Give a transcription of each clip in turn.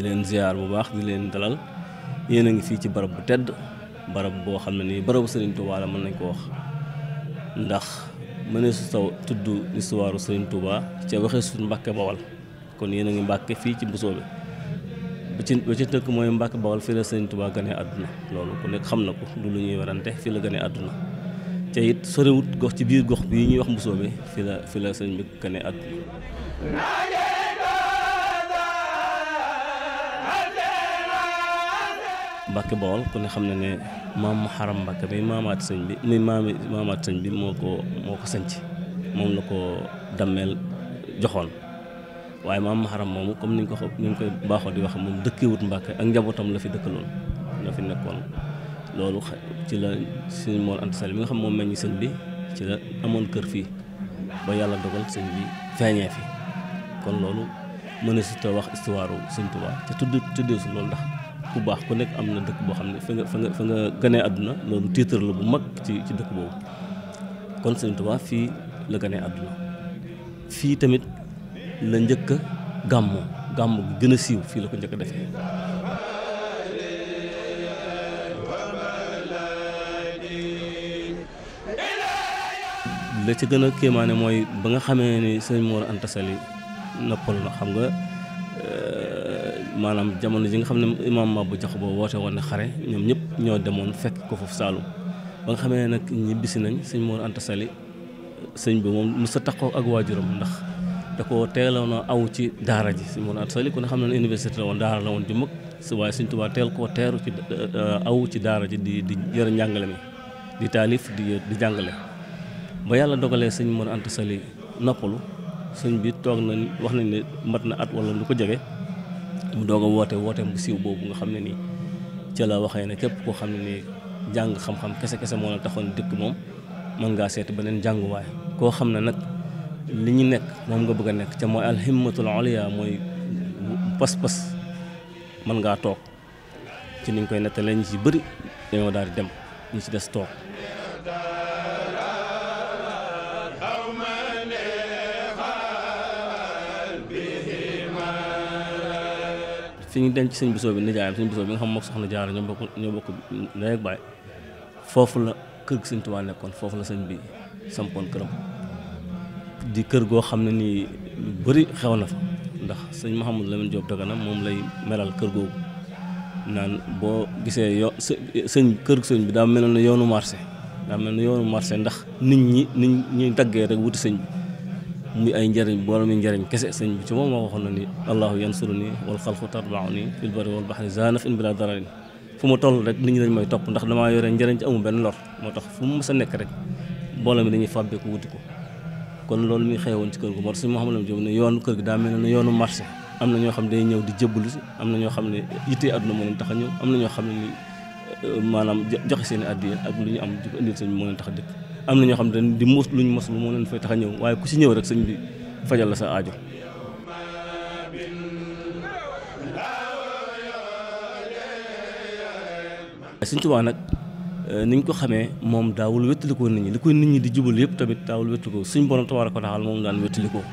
di len ziar bu baax di len dalal yeena ngi fi ci barab bu tedd barab bo xam ne barabu Serigne Touba la man nañ ko wax ndax mënee su taw tuddu histoire Serigne Touba ci waxe sun mbacke Bawal kon yeena ngi mbacke fi ci bi bu ci bu ci tëkk moy mbacke Bawal fi la Serigne Touba gane aduna lolu ku nek xamna ko du lu ñuy warante fi la gane àdduna yit it wut gox ci biir gox bi ñuy wax bi fi la fi la Serigne bi gane àdduna Mbacke Bawol ku ne xam na ne maam xaram Mbacke mi maamaat sëñ bi mi maami maamaat sëñ bi moo ko moo ko sënc moom la ko dammeel joxoon waaye maam xaram moomu comme ni ñu ko xam ni koy baaxoo di wax moom wut Mbacke ak njabootam la fi dëkkaloon ñoo fi nekkoon loolu ci la sëñ Mor Anta bi nga xam moom meññi sëñ bi ci la amoon kër fii ba yàlla dogal sëñ bi feeñee fi kon loolu mën na si wax histoire sëñ Tuubaa te tudd tuddee si loolu ndax ku baax ku nekk am na dëkk boo xam ne fa nga fa nga ganee àdduna loolu titre la bu mag ci ci dëkk boobu kon Sëriñ Tuubaa fii la ganee àdduna fii tamit la njëkk a gàmmu gàmmu gi gën a siiw fii la ko njëkk a defee la ci gën a kéemaane mooy ba nga xamee ni sëñ Mor Anta Sali noppal na xam nga maanaam jamono ji nga xam ne imaam Mabou Diakhou Ba woote woon ne xare ñoom ñëpp ñoo demoon fekk ko foofu Saalum ba nga xamee nag ñibbisi nañ sëñ Mor Anta Sali sëñ bi moom mës a taxaw ak waajuram ndax da ko teeloon a aw ci daara ji sëñ Mor Anta Sali ne xam ne université la woon daara la woon ju mag si waaye sëñ Tuubaa teel koo teeru ci euh, aw ci daara ji di di yër njàngale mi di taalif di di jàngale ba yàlla dogalee sëñ Mor Anta Sali noppalu sëñ bi toog na wax nañ ne mat na at walla du ko joge mu doog a woote wooteem bu siiw boobu nga xam ne nii ca la waxee ne képp koo xam ne nii jàng xam-xam kese kese moo la taxoon dëkk moom mën ngaa seet beneen jànguwaay koo xam ne nag li ñu nekk moom nga bëgg a nekk ca mooy alhimmatul oliya mooy pas-pas mën ngaa toog ci niñ koy nettalee ñu si bëri dañoo daal di dem ñu si des toog fi ñu denc sëñ Bousso bi nijaayam sëñ Bousso bi nga xam mook soxna Jaara ñoo bokk ñoo bokk ndey ak baay foofu la kër gi sëñ Tuubaa nekkoon foofu la sëñ bi sampoon këram di kër goo xam ne nii bëri xew na ndax sëñ Mouhamadou Lamine Diop Dagana moom lay melal kër googu naan boo gisee yo sëñ kër sëñ bi daa mel ne yoonu marché daa mel ne yoonu marché ndax nit ñi nit ñi daggee rek wuti sëñ bi muy ay njëriñ boolami njëriñ kese sëñ bi ci moom moo waxoon na ni allahu yansuru ni wal xalqu tarbauni fil bari wal baxri zanafin bila dararin fu ma toll rek nit ñi ndax damaa yore njëriñ ci amul benn lor moo tax fu mu mës a nekk rek boolami dañuy fàbbe wuti ko kon loolu mi xewoon ci kër gu moo tax sëñ Mouhamadou Diop ne yoonu kër gi daa mel yoonu marché am na ñoo xam ne day ñëw di jëbbalu am na ñoo xam ne yittee àdduna a ñëw am na ñoo xam ne ni maanaam joxe seen i addiya ak lu ñu am di ko indil moo leen tax a dëkk am na ñoo xam ne di muus luñ mos lu moo leen fay tax a ñëw waaye ku si ñëw rek sëñ bi fajal la sa aajo. Sëñ Tuubaa nag eh, niñ ko xamee moom daawul wéttalikoo nit ñi li koy nit ñi di jubal yëpp tamit daawul wéttalikoo suñ borom tabaaraka wa taala moom daan wéttalikoo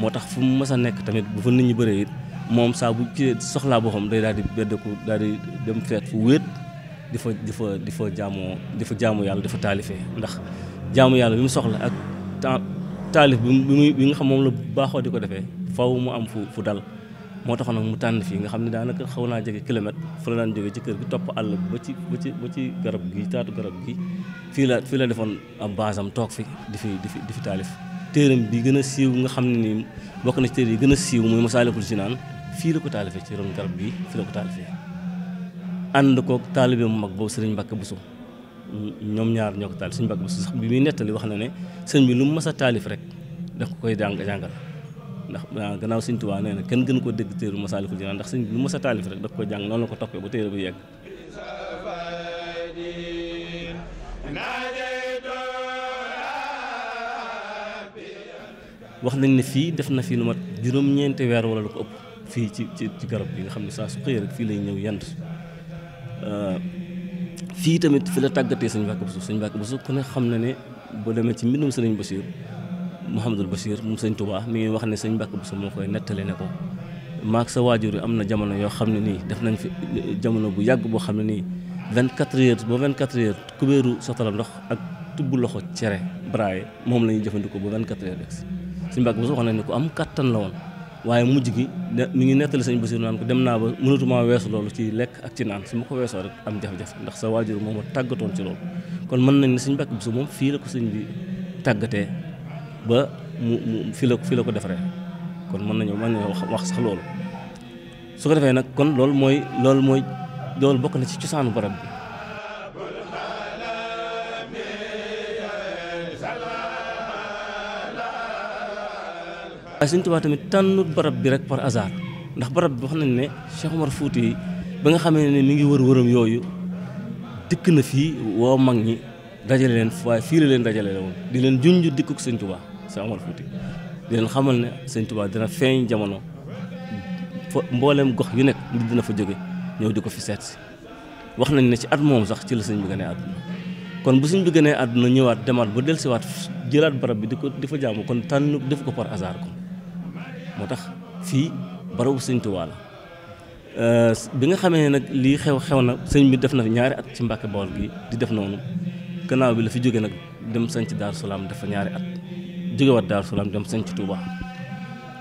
moo tax fu mu mës a nekk tamit bu fa nit ñi bëree moom saa bu ci soxlaa boo xam day daal di beddeku daal di dem feet fu wéet. di fa di fa di fa jaamu di fa jaamu yàlla di fa taalifee ndax jaamu yàlla bi mu soxla ak temps taalif bi muy bi nga xam moom la baaxoo di ko defee faw mu am fu fu dal moo tax nag mu tànn fii nga xam ne daanaka xaw naa jege kilomètre fu la daan jóge ci kër gi topp àll ba ci ba ci ba ci garab gi taatu garab gi fii la fii la defoon am baasam toog fi di fi di fi di fi taalif téeram bi gën a siiw nga xam ne nii bokk na ci téere yi gën a siiw muy Masaalikul Jinaan fii la ko taalifee ci ron garab gi fii la ko ànd koog taalibe mu mag boobu sëriñ bu Buso ñoom ñaar ñoo ko taal sëriñ Mbàkke Buso sax bi muy nettali wax na ne sëñ bi lu mu mas a taalif rek daf ko koy jàng jàngal ndax ah, gannaaw sëñ Tuubaa na kenn gën ko dégg téeru Masaalikul Jinaan ndax sëñ bi lu mas a taalif rek daf koy jàng noonu la ko toppee ba téere bu yegg wax nañ ne fii def na fii lu mat juróom-ñeenti weer wala lu ko ëpp fii ci ci garab bi nga xam ne saa su xëyee rek fii lay ñëw yend Euh, fii tamit fi la tàggatee sëñ Mbàkke Buso sëñ Mbàkke Buso ku ne xam na ne boo demee ci mbindum sëriñ Basiir Mouhamadul Basiir moom sëñ Tuubaa mi ngi wax ne sëñ Mbàkke Buso moo koy nettali ne ko maak sa waajur yi am na jamono yoo xam ne nii def nañ fi jamono bu yàgg boo xam ne nii vingt quatre heures ba vingt quatre heures kubéeru soxtala ndox ak tubb loxo cere braaye moom la ñuy jëfandikoo ba vingt quatre heures rek sëñ Mbàkke Buso wax nañ ne ku am kattan la woon waaye mujj gi mi ngi nettali sëñ Basiru naan ko dem naa ba mënatuma weesu loolu ci lekk ak ci naan su ma ko weesoo rek am jafe-jafe ndax sa waajur moom a tàggatoon ci loolu kon mën nañ ne sëñ Mbàkke su moom fii la ko sañ bi tàggatee ba mu fii la fii la ko defaree kon mën nañu mën nañu wax sax loolu su ko defee nag kon loolu mooy loolu mooy loolu bokk na ci cosaanu barab bi waaye Sëñ Tuubaa tamit tànnut barab bi rek par hasard ndax barab bi wax nañ ne Cheikh Omar Fouti yi ba nga xamee ne mi ngi wër wëram yooyu dikk na fii woo mag ñi dajale leen waaye fii la leen dajale woon di leen junj dikkuk Sëñ Tuubaa Cheikh Omar Fouti di leen xamal ne Sëñ Tuubaa dina feeñ jamono fa mbooleem gox yu nekk nit dina fa jóge ñëw di ko fi seet si wax nañ ne ci at moom sax ci la sëñ bi gënee àdduna kon bu sëñ bi gënee àdduna ñëwaat demaat ba dellusiwaat jëlaat barab bi di ko di fa kon tànn def ko par hasard kon motax fi fii seigne touba la euh bi nga xamé nak li xew xew na seigne bi def na ñaari at ci mbacke bol gi di def nonu gannaaw bi la fi joggé nak dem seigne ci Daaru def fa ñaari at wat dar salam dem seigne ci Touba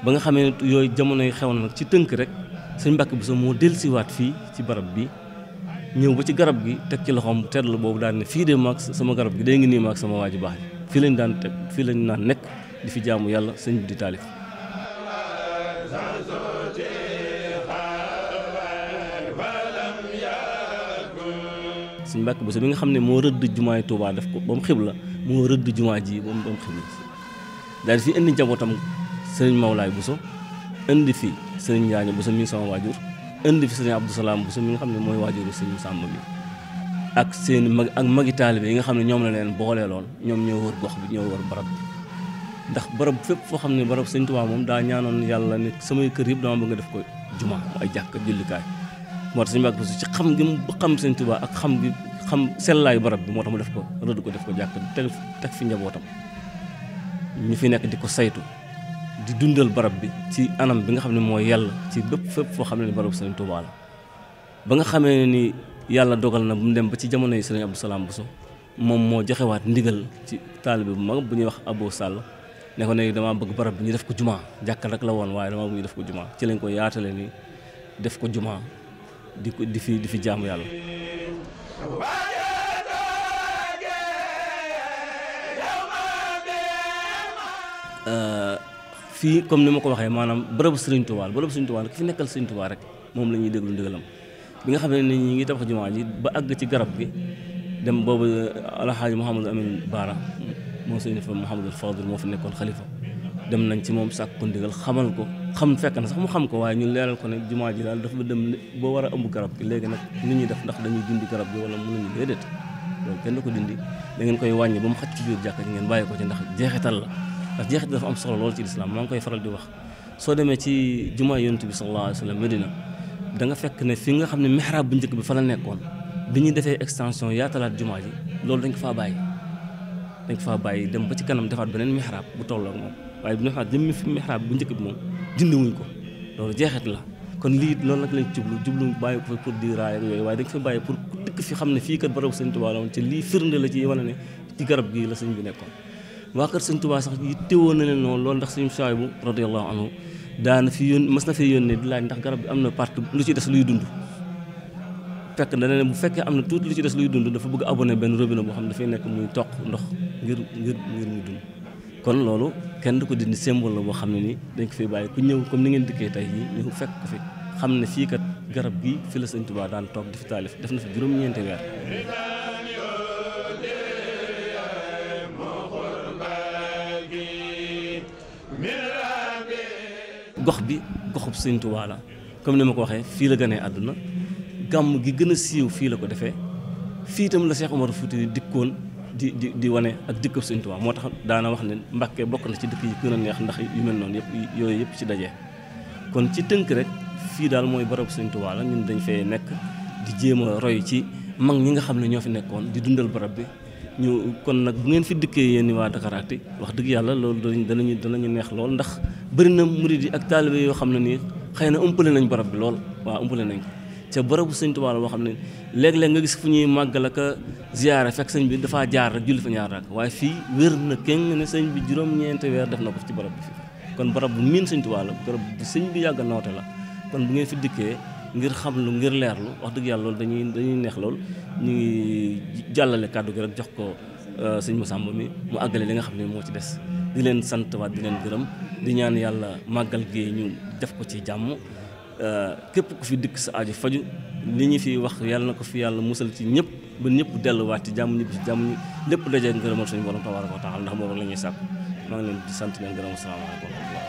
ba nga xamé yoy jamono yi xew na ci teunk rek seigne mbacke bu so mo del ci barab bi ñew ba ci garab gi tek ci loxom tedlu bobu daal ne fi de maag sama garab gi day nga ni maag sama waji bax fi lañ daan tek fi lañ naan nek di fi jaamu yalla seigne bi di talif suñ mbàkk bu bi nga xam ne moo rëdd jumaay Touba def ko ba mu xibla moo rëdd jumaa ji ba mu ba mu xibla daal fi indi njabootam sëriñ Mawlaay Bousso indi fi sëriñ Njaaño Bousso mi ngi sama waajur indi fi sëriñ Abdou Salaam mi nga xam ne mooy waajuru sëriñ Samba bi ak seen mag ak magi taalibe yi nga xam ne ñoom la leen boolee ñoom ñoo wër gox bi ñoo wër barab bi ndax barab fépp foo xam ne barab sëñ Tuubaa moom daa ñaanoon yàlla ne samay kër yëpp dama bëgg nga def ko juma ay jàkk jullikaay moo tax sëñ ci xam gi mu xam sëñ Tuubaa ak xam gi xam sellaayu barab bi moo tax mu def ko rëdd ko def ko jàkk teg teg fi njabootam ñu fi nekk di ko saytu di dundal barab bi ci anam bi nga xam ne mooy yàlla ci bépp fépp foo xam ne barab sëñ Tuubaa la ba nga xamee ni yàlla dogal na bu mu dem ba ci jamono yi sëñ Abdou Salaam Buso moom moo joxewaat ndigal ci taalibe bu mag bu ñuy wax Abo Sall ne ko léegi damaa bëgg barab bi ñu def ko jumaa jàkka rek la woon waaye damaa bëgg ñu def ko jumaa ci lañ ko yaatale ni def ko jumaa di ko di fi di fi jaamu yàlla. Euh, fii comme ni ma ko waxee maanaam bërëbu sëriñ Tuubaa bërëbu sëriñ Tuubaa ki fi nekkal sëriñ Tuubaa rek moom la ñuy déglu ndigalam bi nga xamee ne ni ñi ngi tabax jumaa ji ba àgg ci garab gi dem boobu alxaaji Mouhamadou Amin Baara مو سيدي محمد الفاضل مو في نيكون خليفه دم نانتي موم ساكون ديغال خمال كو خم فك نا مو خم كو واي ني ليرال كو جي ماجي دال داف دم بو ورا امبو غراب ليغي نك نيت ني داف داخ داني جندي غراب دي ولا مون ني ديدت دونك كين كو جندي دا نين كوي واني بام خاتي جور جاك ني نين بايكو جي داخ ام سولو لول تي الاسلام مان كوي فرال دي واخ سو تي جمعة يونتبي صلى الله عليه وسلم مدينة دا نغا فك ني فيغا خامني محراب نيكون بي ني ديفي يا تالات جمعة جي فا باي dañ ko bàyyi dem ba ci kanam defaat beneen mihraab bu tolloog moom waaye bu ñu waxaat jëmmi bu njëkk bi moom dindi wuñ ko loolu jeexit la kon lii loolu nag lañ jublu jublu bàyyi ko fa pour di raay ak yooyu waaye dañ ko fa bàyyi pour ku dëkk fi xam ne fii kat barabu sëñ Tuubaa la woon te lii firnde la ci wane ne ci garab gii la sëñ bi nekkoon waa kër sëñ Tuubaa sax yi téwoon na leen noonu loolu ndax sëñ Suwaybu radiyallahu anhu daana fi yón mas na fi yónnee di laaj ndax garab bi am na partie lu ci des luy dund fekk dana ne bu fekkee am na tuuti lu ci des luy dund dafa bëgg abone benn robinet boo xam ne dafay nekk muy toq ndox ngir ngir ngir muy dund kon loolu kenn du ko dindi symbole la boo xam ne nii dañ ko fiy bàyyi ku ñëw comme ni ngeen dikkee tey yi ñëw fekk ko fi xam ne fii kat garab gi fi la Sëñ Tuubaa daan toog di fi taalif def na fi juróom-ñeenti weer gox bi goxub Sëñ Tuubaa la comme ni ma ko waxee fii la gënee àdduna gàmm gi gën a siiw fii la ko defee fii itam la seex Omar Fouti dikkoon di di wane ak dikk Sëñ Tuubaa moo tax daana wax ne Mbàkke bokk na ci dëkk yi neex ndax yu mel noonu yëpp yooyu yëpp ci daje. kon ci tënk rek fii daal mooy barabu Sëñ Tuubaa la ñun dañ fee nekk di jéem a roy ci mag ñi nga xam ne ñoo fi nekkoon di dundal barab bi ñu kon nag bu ngeen fi dikkee yéen waa Dakaractu wax dëgg yàlla loolu danañu danañu neex lool ndax bëri na murid yi ak taalibe yoo xam ne nii xëy na umpale nañ barab bi lool waa umpale nañ ko te bërëbu sëñ Tuubaa boo xam ne léeg-léeg nga gis fu ñuy màggal ak ziyaara fekk sëñ bi dafaa jaar rek julli fa ñaar rek waaye fii wér na kéng ne sëñ bi juróom-ñeenti weer def na ko ci bërëb bi fii kon bërëb bu miin sëñ Tuubaa la bërëb bu sëñ bi yàgg noote la kon bu ngeen fi dikkee ngir xam lu ngir leer lu wax dëgg yàlla loolu dañuy dañuy neex lool ñu ngi jàllale kàddu gi rek jox ko euh, sëñ Moussa Mboup mi mu àggale li nga xam ne moo ci des di leen sant waat di leen gërëm di ñaan yàlla màggal gi ñu def ko ci jàmm Euh, képp ku fi dikk sa aju faju ni ñu fi wax yàlla na ko fi yàlla musal ci ñëpp ba ñëpp delluwaat ci jàmm ñibbi ci jàmm ñi lépp dajee ngërëmal suñu borom tabaaraka wa taala ndax moom la ñuy sàkk maa ngi leen di sant leen a ko